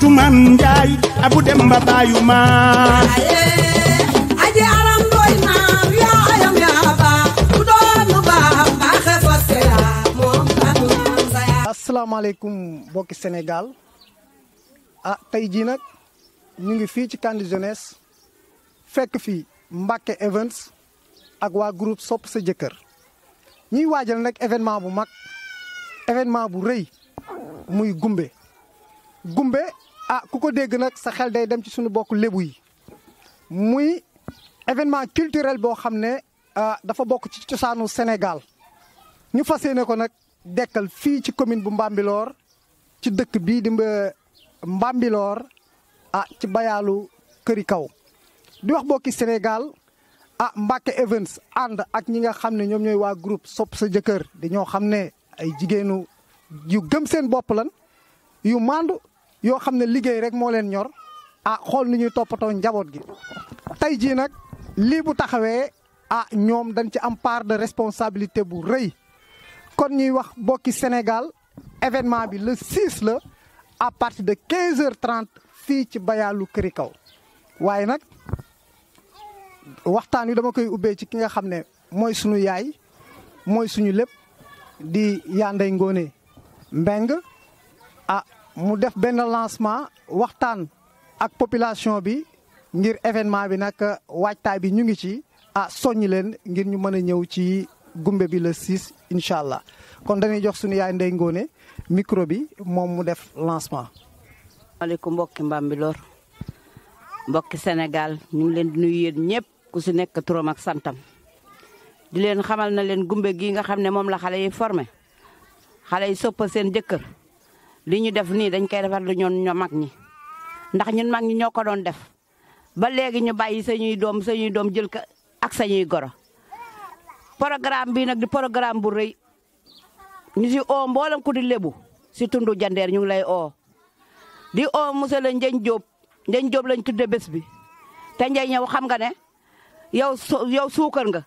to Mame Abu Abou Demba Bayou ma aje aram boy ya ya ya, ah tay ji nak ñu ngi fi ci Kandi jeunesse fekk fi mbacke Events ak wa groupe sop sa jëkër ñi wajal nak événement bu mag événement bu reuy muy gumbe gumbe ah ku ko dégg nag sa xel day dem ci suñu bokk lébu yi muy événement culturel boo xam ne ah, dafa bokk ci cosaanu senegal ñu fas yéene ko nag dekkal fii ci commune bu Mbambilor ci dëkk bii di Mbambilor ah ci bayaalu këri kaw di wax bokki Sénégal ah Mbacke Events ànd ak ñi nga xam ne ñoom ñooy waa groupe sopp sa jëkkër di ñoo xam ne ay jigéenu yu gëm seen bopp lan yu mandu yoo xam ne liggéey rek moo leen ñor ah xool ni ñuy toppatoo njaboot gi tey jii nag lii bu taxawee ah ñoom dañ ci am part de responsabilité bu rëy kon ñuy wax bokki Sénégal événement bi le 6 la à partir de 15h30 fii ci bayaalu këri kaw waaye nag waxtaan wi dama koy ubbee ci ki nga xam ne mooy suñu yaay mooy suñu lépp di yaanday ngoone mbeng ah mu def benn lancement waxtaan ak population bi ngir événement bi nag waajtaay bi ñu ngi ci ah soññ leen ngir ñu mën a ñëw ci gumbe bi la 6 incha allah kon dañuy jox suñu yaay Ndey Ngóone micro bi moom mu def lancement. maaleykum mbokki Mbambilor mbokki Sénégal ñu ngi leen di nuyu yéen ñëpp ku si nekk trom ak santam di leen xamal na leen gumbe gi nga xam ne moom la xale yi formé xale yi soppa seen jëkkër. li ñu def nii dañ koy defar lu ñoon ñoo mag ñi ndax ñun mag ñi ñoo ko doon def ba léegi ñu bàyyi sañuy doom sañuy doom jël ko ak sañuy goro programme bii nag di programme bu rëy ñu si oo mboolam ku di lébu si tundu jandeer ñu lay oo di oo monsieur la Ndiagne Diop Ndiagne Diop lañ tudde bés bi te Ndiagne yow xam nga ne yow yow suukar nga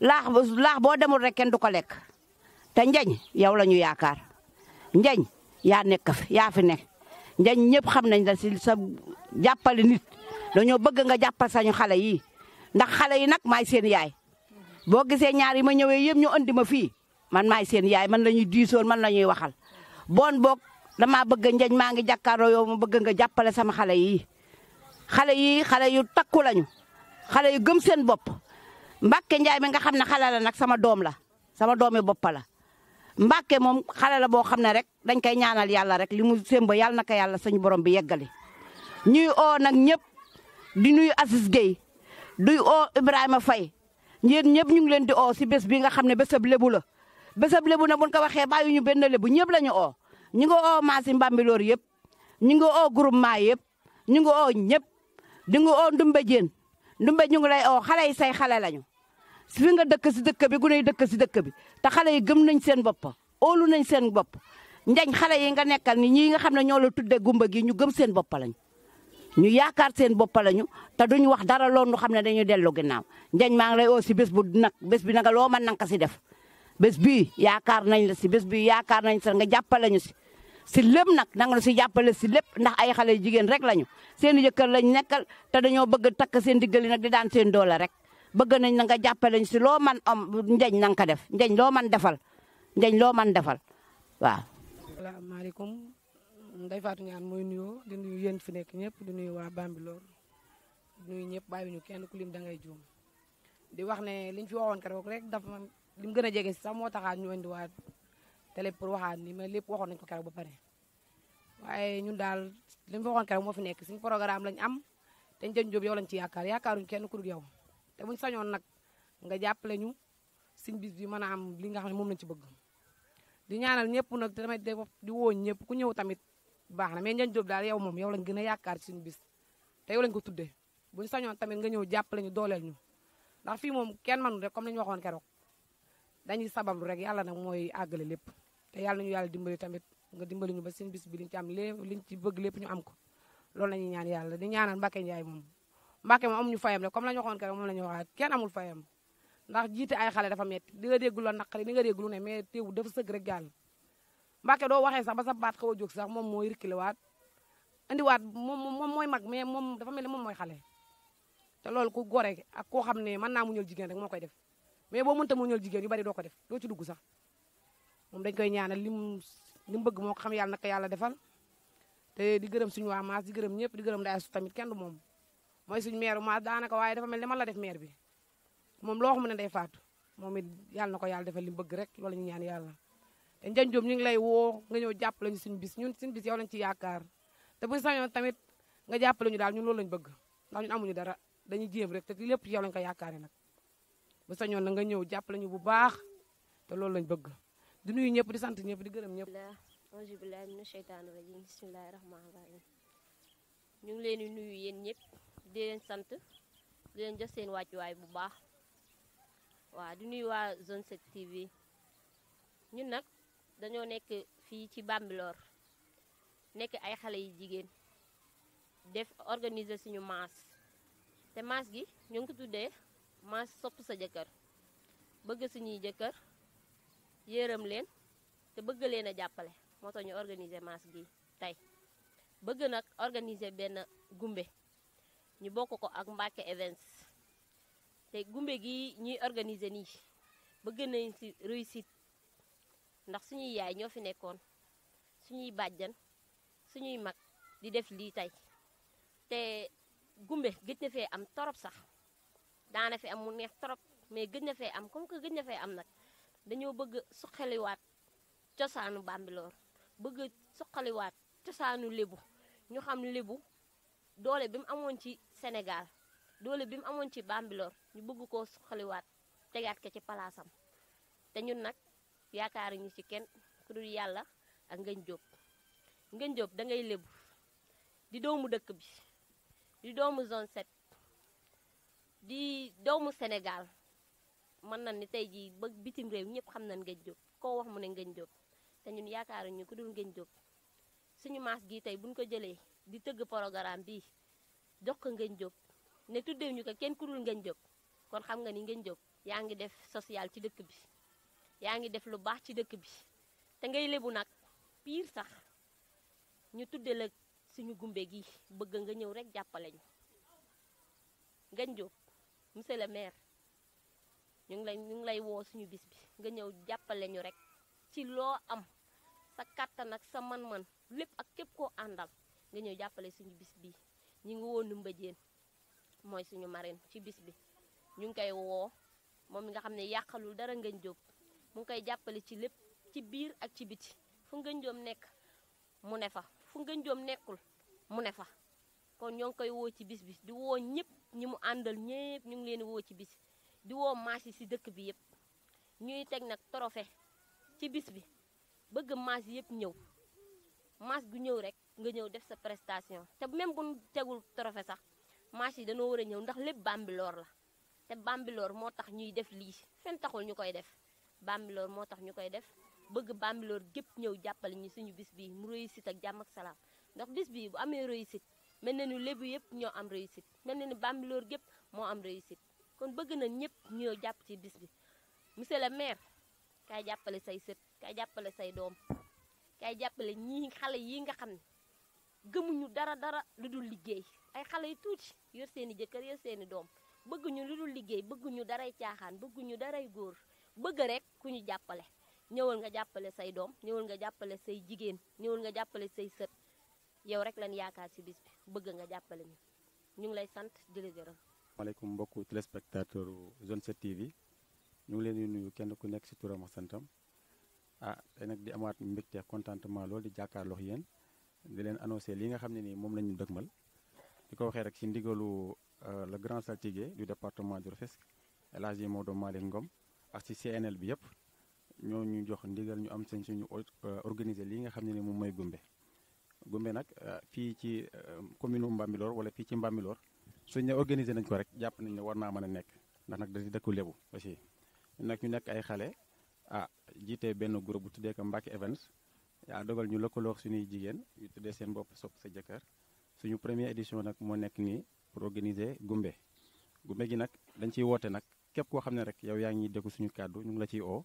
laax laax boo demul rek kenn du ko lekk te njañ yow lañu yaakaar njañ yaa nekk fi yaa fi nekk njañ ñëpp xam nañ la si sa jàppale nit dañoo bëgg nga jàppal sañu xale yi ndax xale yi nag maay seen yaay boo gisee ñaar yi ma ñëwee yëpp ñu andi ma fii man maay seen yaay man la ñuy diisoon man la ñuy waxal boon boog damaa bëgg njañ maa ngi jàkkaaroo yow ma bëgg nga jàppale sama xale yi xale yi xale yu takku lañu xale yu gëm seen bopp Mbàkke Njaay mi nga xam ne xale la nag sama doom la sama doomi boppa la Mbacke moom xale la boo xam ne rek dañ koy ñaanal yàlla rek li mu sémba yàlla na ko yàlla suñu borom bi yeggali ñuy oo nag ñëpp di nuyu Assis Gueye duy oo Ibrahima fay yéen ñëpp ñu ngi leen di oo si bés bi nga xam ne bésab lébu la bésab lébu na buñ ko waxee bàyyi ñu benn lébu ñëpp la ñu oo ñu ngi oo Massi Mbambilor yëpp ñu ngi oo groupement yëpp ñu ngi oo ñëpp di nga oo Ndumbe Diène Ndumbe ñu lay oo xale yi say xale lañu si fi nga dëkk si dëkk bi guney dëkk si dëkk bi te xale yi gëm nañ seen bopp óolu nañ seen bopp njañ xale yi nga nekkal ni ñii nga xam ne ñoo la tudde gumba gi ñu gëm seen boppa lañ ñu yaakaar seen bopp lañu te du ñu wax dara loolu xam ne dañuy dellu ginnaaw njañ maa ngi lay oo si bés bu nag bés bi nag loo mën nanga si def bés bi yaakaar nañ la si bés bi yaakaar nañ sa nga jàppale ñu si si lépp nag nanga si jàppale si lépp ndax ay xale jigéen rek lañu seen jëkkër lañ nekkal te dañoo bëgg takk seen diggali nag di daan seen doole rek bëgg nañ na nga jàppale ñu si loo man am njañ na nga def njañ loo man defal njañ loo man defal waaw. asalaamaaleykum ndey Fatou Niane mooy nuyoo di nuyu yéen fi nekk ñëpp di nuyu waa Bambilor di nuyu ñëpp ñu kenn ku lim da ngay juum di wax ne liñ fi waxoon keroog rek dafa li lim gën a jege si sax moo taxaat ñu waat télé pour waxaat ni ma lépp waxoon nañ ko keroog ba pare. waaye ñun daal li mu fi waxoon keroog moo fi nekk suñu programme lañ am te Ndiagne Diop yow lañ ci yaakaar yaakaaruñ kenn ku dul yow te buñ sañoon nak nga jappalé ñu suñ bis bi mëna am li nga xamni ne lañ ci bëgg di ñaanal ñëpp nag tamit di woo ñepp ku ñëw tamit baxna na mais ñan job daal yow mom yow lañ gëna yaakar ci bis te yow lañ ko tuddé buñ sañoon tamit nga ñëw jappalé ñu dolel ñu ndax fi mom kenn mënu rek comme lañ ñu waxoon keroog dañuy sabablu rek yalla nak moy àggale lépp te yalla nañu yalla dimbali tamit nga dimbali ñu ba seen bis bi liñ ci am lépp liñ ci bëgg lépp ñu am ko loolu la ñaan yalla di ñaanal Mbacke Ndiaye mom Mbàkke moom amuñu fayam rek comme la ñu waxoon keroog moom la ñu waxaat kenn fayam ndax jiite ay xale dafa metti di nga dégg lu naqari di nga dégg lu ne mais teewul dafa sëgg rek jàll Mbàkke doo waxee sax ba sa baat xaw a jóg sax moom mooy rikkiliwaat indiwaat moom moom mooy mag mais moom dafa mel ne moom mooy xale te loolu ku gore ak koo xam ne mën naa muñal jigéen rek moo koy def mais boo mënta muñal jigéen yu bari doo ko def ci dugg sax moom dañ koy ñaanal lim lim bëgg moo xam yàlla naka yàlla defal te di gërëm suñu waa maas di gërëm ñëpp di gërëm daay su tamit kenn du moom moy suñu mère ma daanaka waye dafa melni ni man la def mère bi mom lo xamne day faatu momit yalla nako yalla defal li bëgg rek wala ñu ñaan yalla te Ndiagne ñing lay wo nga ñëw japp ñu suñu bis ñun suñu bis yow lañ ci yaakar te bu sañu tamit nga japp lañu daal ñun loolu lañ bëgg ndax ñun amuñu dara dañuy jëm rek te lepp ci yow lañ ko yaakaré nak bu sañu na nga ñëw japp lañu bu baax te loolu lañ bëgg di nuyu ñepp di sant ñepp di gëreem ñepp auzu billahi mina sheytaani rajim bismillahi rahmaani rahim ñu ngi leen nuyu yeen ñepp di leen sant di leen jox seen wàccuwaay bu baax waaw di nuy waa zone 7 TV ñun nag dañoo nekk fii ci Bambilor nekk ay xale yu jigéen def organiser suñu maas te maas gi ñoo ngi ko tuddee maas sopp sa jëkkër bëgg suñuy jëkkër yërëm leen te bëgg leen a jàppale moo tax ñu organiser maas gi tey bëgg nag organiser benn gumbe ñu bokk ko ak Mbacke Events te gumbe gi ñuy organise ni bëgg nañ ci réussite ndax suñuy yaay ñoo fi nekkoon suñuy bàjjan suñuy mag di def lii tey te gumbe gëj na am torop sax daana fi am mu neex torop mais gëj na am comme que gëj na am nag dañoo bëgg suqaliwaat cosaanu Bambilor bëgg suqaliwaat cosaanu lébu ñu xam lébu doole bi mu amoon ci Senegal, doole bi mu amoon ci Bambilor ñu bëgg koo soxaliwaat tegaat ka ci palaasam te ñun nag yaakaar ñu ci kenn ku dul yàlla ak ngeñ Diop ngeñ Diop da ngay lébu di doomu dëkk bi di doomu zone 7 di doomu Senegal, man nan ni tey jii ba bitim réew ñëpp xam nañ ngeñ Diop koo wax mu ne ngeñ Diop te ñun yaakaaruñu ku dul ngeñ suñu maas gi tey buñ ko jëlee di tëgg programme bii jox ko ngeen jóg ne tuddee ñu ko kenn ku dul ngeen jóg kon xam nga ni ngeen jóg yaa ngi def social ci dëkk bi yaa ngi def lu baax ci dëkk bi te ngay lebu nag pire sax ñu tudde la suñu gumbe gi bëgg nga ñëw rek jàppale ñu ngeen jóg monsieur le maire ñu ngi lay ñu ngi lay woo suñu bis bi nga ñëw jàppale ñu rek ci loo am sa kàttan ak sa man-man lépp ak képp koo àndal nga ñëw jàppale suñu bis bii ñu ngi woo Numba Diène mooy suñu marraine ci bis bi ñu ngi koy woo moom mi nga xam ne yàqalul dara Ngagne jóg mu ngi koy jàppale ci lépp ci biir ak ci biti fu nga Diop nekk mu ne fa fu nga Diop nekkul mu ne fa kon ñoo ngi koy woo ci bis bi di woo ñëpp ñi mu àndal ñëpp ñu ngi leen woo ci bis di woo maas yi si dëkk bi yëpp ñuy teg nag trophée ci bis bi bëgg maas yëpp ñëw maas gu ñëw rek nga ñëw def sa prestation te même bu tegul trophée sax match yi war a ñëw ndax lépp bambiloor la te bambiloor moo tax ñuy def lii fenn taxul ñu koy def bambiloor moo tax ñu koy def bëgg bambiloor gépp ñëw jàppale ñu suñu bis bii mu réussite ak jàmm ak salaam ndax bis bii bu amee réussite mel na ni lébu yëpp ñoo am réussite mel na ni bambiloor gépp moo am réussite kon bëgg na ñëpp ñoo jàpp ci bis bi monsieur le maire kaay jàppale say sët kaay jàppale say doom kaay jàppale ñii xale yii nga xam ne gëmuñu dara dara lu dul liggéey ay xalé yu tuuti yor seeni jëkkër yor seeni doom bëgguñu lu dul liggéey bëgguñu daray tiaxaan bëgguñu daray góor bëgg rek ku ñu jàppale ñëwal nga jàppale say doom ñëwul nga jàppale say jigéen ñëwul nga jàppale say sët yow rek lan yaakaar si bis bi bëgg nga jàppale ñu ñu ngi lay sant di la gërëm. maaleykum mbokku téléspectateur zone 7 TV ñu ngi leen di nuyu kenn ku nekk si turam ak santam ah nag di amaat mbégte contentement lool di jàkkaarloo yéen. di leen annoncé li nga xam ne ni moom la ñu dëgmal di ko waxee rek ci ndigalu euh, le grand saltigué du département de Rufisque El Hadji Maodo Malick Ngom ak ci CNL bi yëpp ñoo ñu jox ndigal ñu am sañ suñu euh, organiser li nga xam ne ni moom mooy gumbe gumbe nag euh, fii ci commune Mbambilor wala fii ci Mbambilor suñ ne organiser nañ ko rek jàpp nañ ne war naa mën a nekk ndax nag dañuy dëkku lébu aussi nag ñu nekk ay xale ah jiite benn groupe bu tuddee ko Mbacke Events yaa dogal ñu lëkkaloo suñuy jigéen ñu tuddee seen bopp sopp sa jëkkër suñu première édition nag moo nekk nii pour organiser gumbe gumbe gi nag dañ ciy woote nag képp koo xam ne rek yow yaa ngi dégg suñu kàddu ñu ngi la ciy oo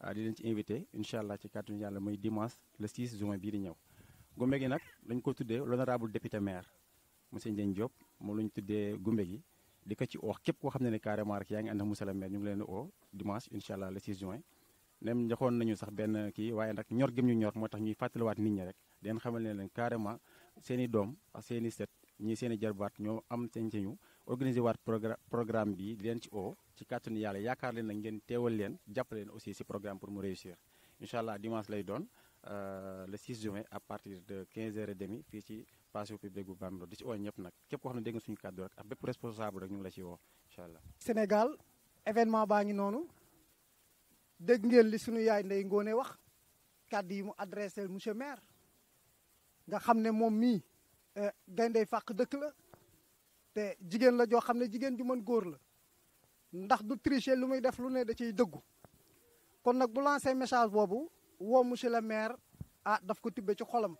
ah, di leen ci invité incha allah ci kàddu yàlla muy dimanche le 6 juin bii di ñëw gumbe gi nag dañ ko tuddee l'honorable député maire monsieur Ndiagne Diop moom la ñu tuddee gumbe gi di ko ci oo képp koo xam ne ne rek yaa ngi ànd ak monsieur maire ñu ngi leen di oo dimanche incha allah le 6 nem njoxoon nañu sax benn kii waaye nag ñor gëm ñu ñor moo tax ñuy fàttaliwaat nit ñi rek den xamal ne leen carrément seen i doom ak seen i set ñii seen i jarbaat ñoo am sañ sañu organiser waat programme bi leen ci o ci kàttanu yàlla yaakaar leen nag ngeen teewal leen jàppale leen aussi si programme pour mu réussir incha allah dimanche lay doon euh, le 6 à partir de 15 heures et demi fii ci passé public bu Bambilor di ci oo ñëpp nag képp koo xam ne dégg nga suñu kàddu rek ak bépp responsable la baa ngi dégg ngeen li suñu yaay Ndeye Ngone wax kàddu yi mu adressé monsieur maire nga xam ne moom mii euh, gayndey fàq dëkk la te jigéen la joo xam ne jigéen ju mën góor la ndax du tricher lu muy def lu ne da ciy dëggu kon nag bu lancé message boobu woo monsieur le maire ah daf ko tibbe ci xolam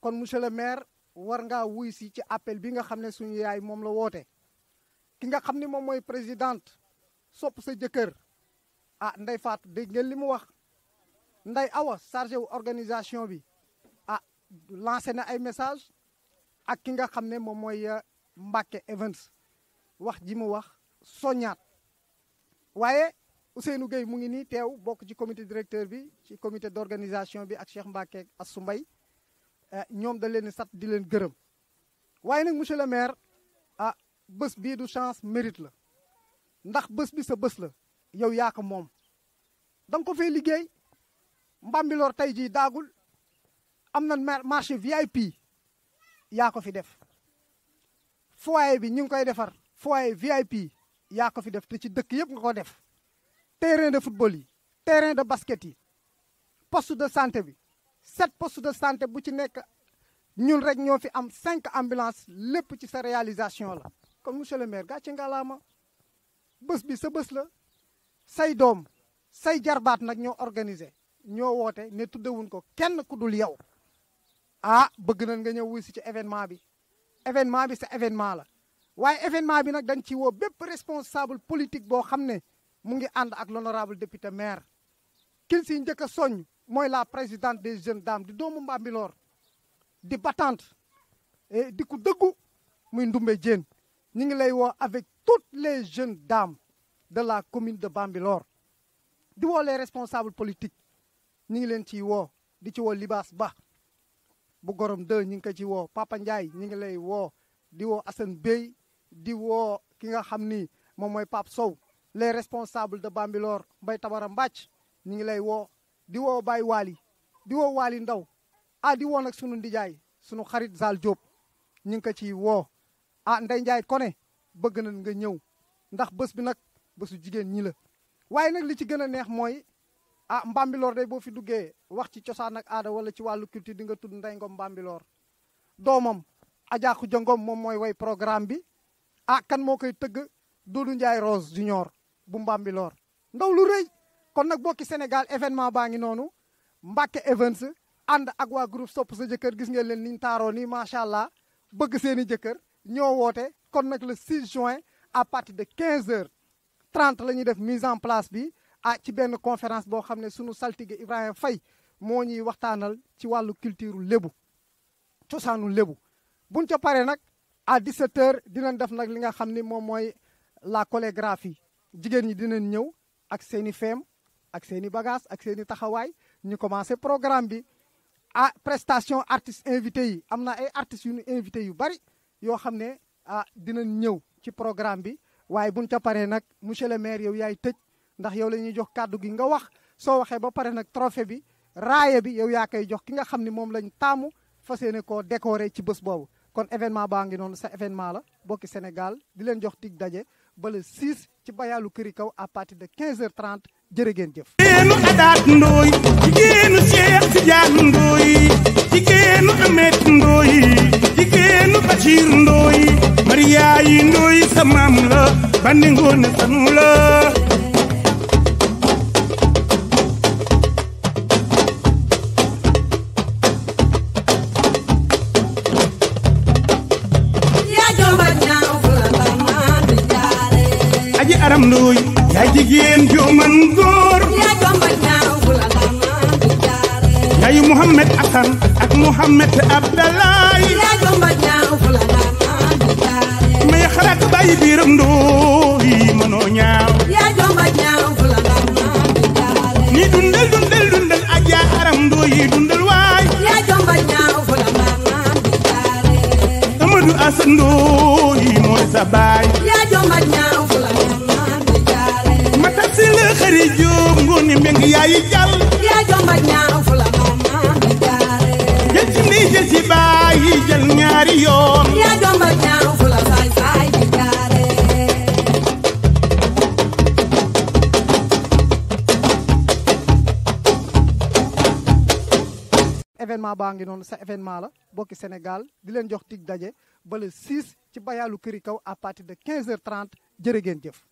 kon monsieur le maire war ngaa wuy si ci appel bi nga xam ne suñu yaay moom la woote ki nga xam ni moom mooy présidente sopp sa jëkkër ah Ndeye Fatou dégg ngeen li wax Ndeye Awa chargé wu organisation bi ah lancé na ay message ak ki nga xamné mom moy mooy euh, Events wax ji mu wax soñat waaye Ousseynou Gueye mu ngi ni tew bok ci comité directeur bi ci comité d'organisation bi ak Cheikh Mbacke Assou Mbaye eh, ñom da leen sat di leen gëreum waaye nak monsieur le maire ah bëss bi du chance mérite la ndax bëss bi sa bëss la yow yaa ko moom da nga ko fee liggéey Mbambilor tey jii daagul am na marché VIP yaa ko fi def foyer bi ñu ngi koy defar foyer VIP yaa ko fi def te ci dëkk yëpp nga ko def terrain de football yi terrain de basket yi poste de santé bi sept poste de santé bu ci nekk ñun rek ñoo fi am cinq ambulance lépp ci sa réalisation la kon monsieur le maire gàcce ngalaama bës bi sa bés la say doom say jarbat nak ñoo organiser ñoo woote ne tuddewuñ ko kenn ku dul yow ah bëgg nañ nga ñëw wuy ci événement bi événement bi sa événement la waaye événement bi nak dañ ci wo bépp responsable politique bo xamné mu ngi and ak l'honorable député maire kin si ñëk soñ moy la présidente des jeunes dames di doomu Mbambilor di battante eh, di ku deggu muy Ndumbe Diène ñi ngi lay wo avec toutes les jeunes dames de la commune de Bambilor di woo les responsables politiques ñu ngi leen ciy woo di ci woo Libaas Ba bu gorom 2 ñu ngi ko ci woo Papa Ndiaye ñu ngi lay woo di woo Assane Bey di woo ki nga xam ni moom mooy Pape Sow les responsables de Bambilor bay Tabara Mbàcc ñu ngi lay woo di woo Baye Waly di woo Waly Ndaw ah di woo nag sunu ndijaay sunu xarit Zal Diop ñu ngi ko ciy woo ah Ndey Ndiaye Kone bëgg nañ nga ñëw ndax bés bi nag bésu jigéen ñi la waye nak li ci gëna a neex moy ah Mbambilor day bo fi duggé wax ci ciosan ak aada wala ci walu culture di nga tud nday Ngom Mbambilor domam Adja Khoudia Ngom moom mooy way programme bi ah kan mo koy teug dodu ndjay Rose junior bu Mbambilor ndaw lu reuy kon nak bokki senegal événement baa ngi Mbacke Events and ak wa groupe sopp sa jëkkër gis ngeen leen niñ taaroo nii macha bëgg seeni ñoo kon nak le 6 juin à partir de 15 h 30 la def mise en place bi à ah, ci benn conférence boo xam ne sunu saltige Ibrahima Faye moo ñuy waxtaanal ci wàllu culture lébu cosaanu lébu buñ ca paree nag à 17h dinañ def nag li nga xam ni moom mooy la chorégraphie jigéen ñi dinañ ñëw ak seeni i feem ak seeni bagage ak seeni i taxawaay ñu commencé programme bi ah prestation artiste invité yi am na ay artistes yu ñu invité yu bari yoo xam ne ah dinañ ñëw ci programme bi waaye bu buñ ca paree nag monsieur le maire yow yaay tëj ndax yow la ñuy jox kàddu gi nga wax soo waxee ba pare nag trophée bi raaya bi yow yaa koy jox ki nga xam ne moom lañ taamu fas yéene koo décorer ci bés boobu kon événement baa ngi noonu sa événement la bokki Sénégal di leen jox tig daje ba le 6 ci bayaalu këri kaw à partir de 15h30 jërë ngeen jëf. yaay nuy sa maam la bandi ngoone sanu la aji aram nuy yaay jigéen ju man góor yaayu Muhammad Asan ak Muhammad Abdallah xalaat bàyyi biiram ndoo yi mënoo ñaaw. ni dundal dundal dundal ak yaa aram ndoo yi dundal waay. yaa jomba ñaaw fu la ndax maa ngi jaarale. Amadou Assane ndoo mooy sa baay. yaa xëri jóob ngoon mbeng yaayi jàll. événement baa ngi noonu sa événement la bokki Sénégal di leen jox tig daje ba le 6 ci bayalu këri kaw à partir de 15h30 jërë ngeen jëf